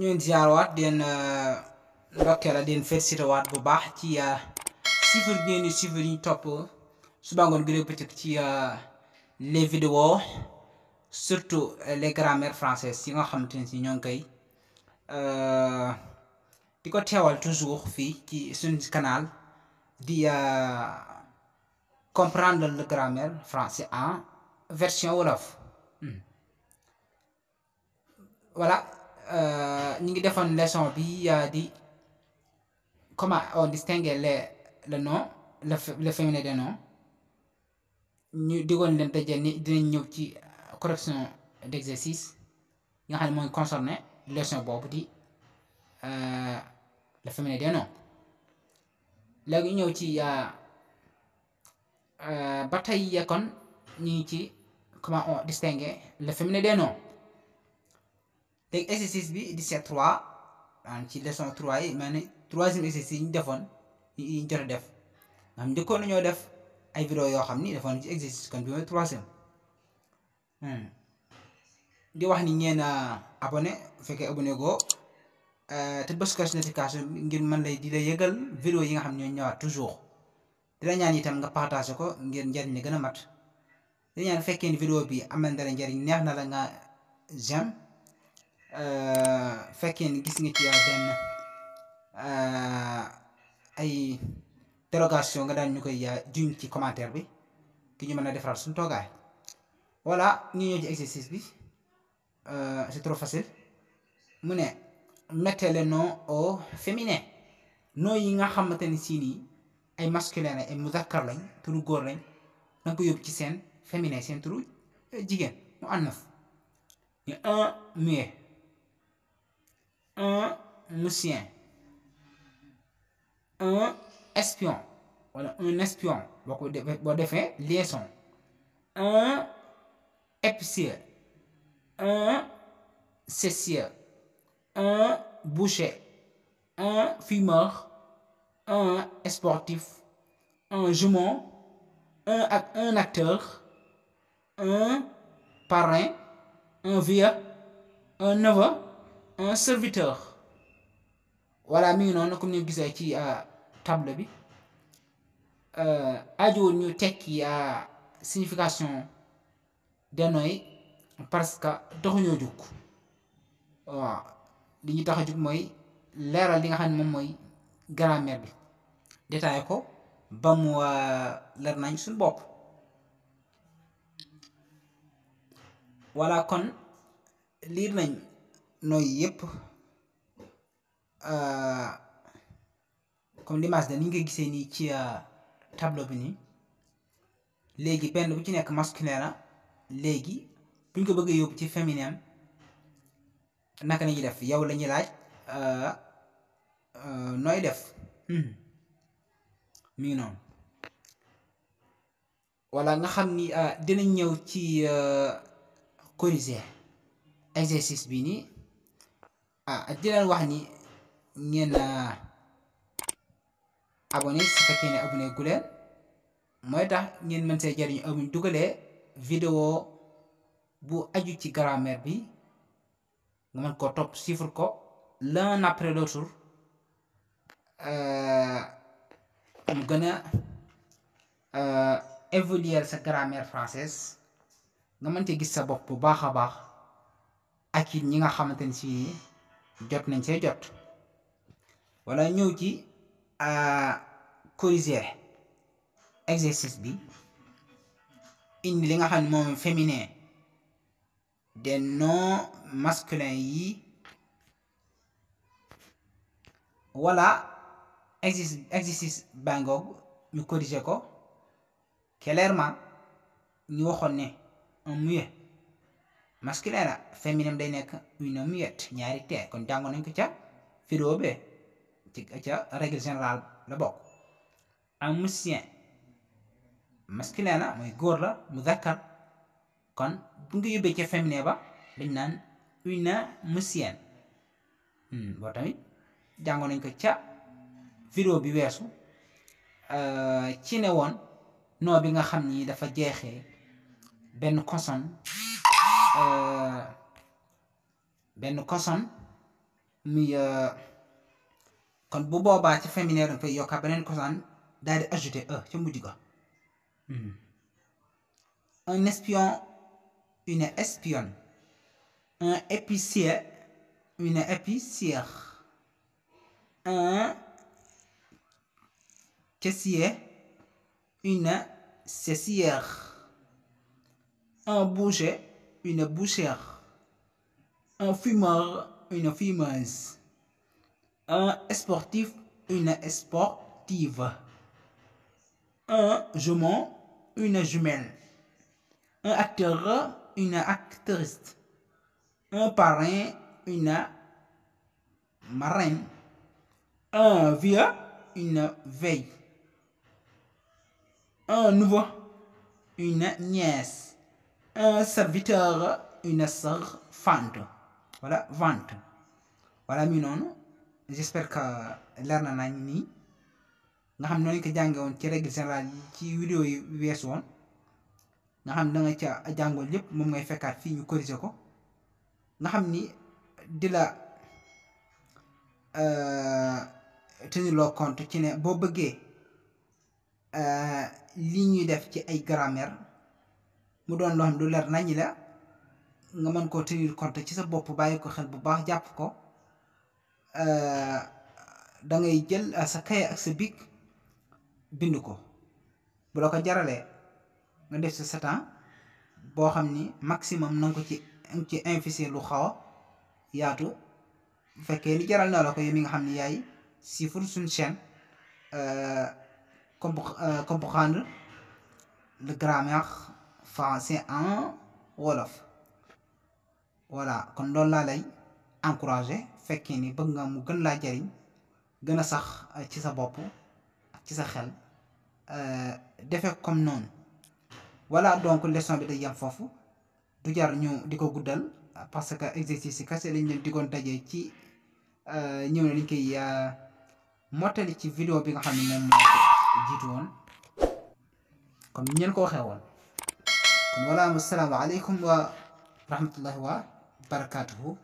ñu leen waat di leen euh, ndokkeel a di leen waat bu baax ci suivre euh, bi ngeen di suivre ñu topp suba ngoon gën a bëccëg ci euh, les vidéos surtout les grammaires françaises yi nga xamante ne si ñoo ngi koy di ko teewal toujours fii ci suñu canal di comprendre le grammaire français en version wolof hmm. voilà. Euh, ñu ngi defoon leçon bi yaa di comment on distingue le le nom le le féminin de nom ñu digoon leen daje ni dinañ ñëw ci correction d'exercice yi nga xam ne mooy concerné leçon boobu di euh, le féminin de nom léegi ñëw ci euh, ba tey kon ñu ngi ci comment on distingue le féminin de nom léegi exercice bi di seet 3 ci leçon 3 yi maanaam troisième exercice yi ñu defoon yi jot a def nga xam njëkkoon nañoo def ay vidéo yoo xam ni defoon ci exercice kon bi mooy troisième hmm. wax ni ngeen ah, abonné bu fekkee abonné goo eh, te bës ko notification ngir mën lay di la yëgal vidéo yi nga xam ne ñoo ñëwaat toujours dina ñaan itam nga partage ko ngir njariñ li gën a mat dina ñaan fekkee ni vidéo bi am na dara njariñ neex na la nga j'aime Eh, fekkee ni gis nga ci benn eh, ay dérogation nga daan ñu koy eh, juñ ci commentaire bi ki ñu mën a defaraat suñ toogaay voilà ñu ñëw ci exercice bi c'est trop facile mu ne mettez les noms au féminin noms yi nga xamante ni sii nii ay masculin lañ ay muzakkar lañ turu góor lañ danga ko yóbbu ci seen féminin seen turu jigéen mu ànnaf ñu un muet un musicien un espion wala un espion boo ko defee boo defee liaison un épicier un caissier un boucher un fumeur un sportif un jumeau un acteur un parrain un vieux un neveu un serviteur voilà mi ngi noonu comme ni gisee ci euh, table bi euh, aajowul ñu tekki euh, signification deno yi parce que taxuñoo jug waaw li ñu tax a mooy leeral li nga xam ne moom mooy grammaire bi détaillé ko ba mu leer nañ suñu bopp voilà kon liir nañ nooy yëpp euh, comme l'image da ni ñu gisee nii ci euh, tableau bi nii léegi benn bu ci nekk masculin la léegi buñ ko bëggee yóbbu ci féminin naka la def yow la laaj euh, nooy def hmm. mi noonu wala nga xam ni dinañ ñëw ci corriger exercice bi nii a ah, ak di wax ni ngeen ah, abonné su fekkee ne abonné gu mooy tax ngeen mën see jariñu amuñ dugalee video bu aju ci grammaire bi nga mën koo topp suivre ko l'un après l'autre euh, mu gëna a euh, évoluer sa grammaire française nga mën te gis sa bopp bu baax a baax ak it ñi nga xamante ni si jot nañ see jot wala ñëw ci corriger exercice bi indi li nga xam ne moom féminin des noms masculins yi wala exercice exercice bangoog ñu corriger ko clairement ñu waxoon ne un muet masculin la féminin day nekk une muette ñaari tee kon jàngoon nañ ko ca vidéo be ci ca règle générale la bokk amusien masculin la mooy góor la mu zakkar kon bu nga yóbbee ca féminin ba dañ naan une musienne hmm, boo tamit jàngoon nañ ko ca vidéo bi weesu euh, ci ne woon noo bi nga xam ni dafa jeexee benn consonne Euh, benn koson muy euh, kon bu boobaa ci féminin danga fay beneen kosan daal di ajouté e ca mujj ga hmm. un espion une espionne un épicier une épicière un caissier une caissière un boucher une bouchère, un fumeur, une fumeuse, un sportif, une sportive, un jument, une jumelle, un acteur, une actrice, un parrain, une marraine, un vieux, une veille, un nouveau, une nièce un euh, serviteur une sœur fente voilà vente voilà mi noonu j'espère que leer na nañ nii nga xam noonu ñu ko jànge ci règle générale yi ci vidéo yi wees woon nga xam na nga ca jàngoon lépp moom ngay fekkaat fii ñu corriger ko nga xam ni di la euh, tenir loo compte ci ne boo bëggee euh, li ñuy def ci ay grammaire mu doon loo du leer naññi la nga mën koo tenir compte ci sa bopp bàyyi ko xel bu baax jàpp ko da ngay jël sa kaye ak sa bic bind ko bu la ko jaralee nga def si satan boo xam ni maximum na ko ci ci invisé lu xaw a yaatu bu fekkee ni jaral na la ko yow mi nga xam ni yaay siifur suñ chaîne comprendre le grammaire français en wolof voilà kon doon laa lay encourager fekkee ni bëgg nga mu gën laa jariñ gën a sax euh, ci sa bopp ci sa xel euh, defe comme noonu voilà donc leçon bi day yem foofu du jar ñu di ko guddal parce que exercice yi kese lañ leen digoon dajee ci euh, ñëw na liñ koy mottali ci vidéo bi nga xam ne moom moo jiitu woon comme ñeen ko waxee woon kon wala ma salaamu aleykum wa rahmatullahi wa barakatuhu